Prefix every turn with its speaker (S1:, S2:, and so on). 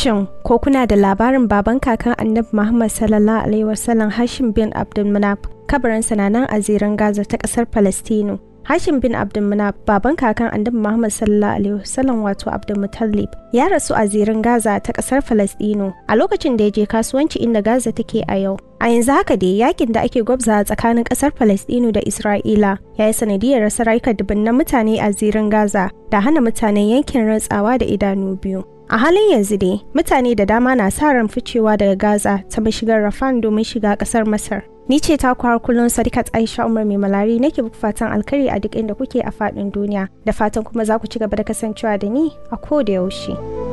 S1: Shin ko kuna da labarin baban kakan Annabi Muhammad sallallahu alaihi wasallam Hashim bin Abdulmanaf kabarin sa nan a ziran Gaza ta ƙasar Palestino. Hashim bin Abdulmanaf baban kakan Annabi Muhammad sallallahu alaihi wasallam wato Abdulmutallib ya rasu a zirin Gaza ta ƙasar Palestino a lokacin da ya je kasuwanci inda Gaza take a yau. A yanzu haka dai yakin da ake gwabza tsakanin ƙasar Falastinu da Isra'ila ya yi sanadiyar rasa rayuka dubunnan mutane a zirin Gaza da hana mutanen yankin rantsawa da idanu biyu. a halin yanzu dai mutane da dama na sa ran ficewa daga gaza ta mashigar rafan domin shiga kasar masar ni ce ta kwar kullum sadikat aisha umar mai malari nake muku fatan alkari a duk inda kuke a faɗin duniya da fatan kuma za ku ci gaba da kasancewa da ni a ko da yaushe.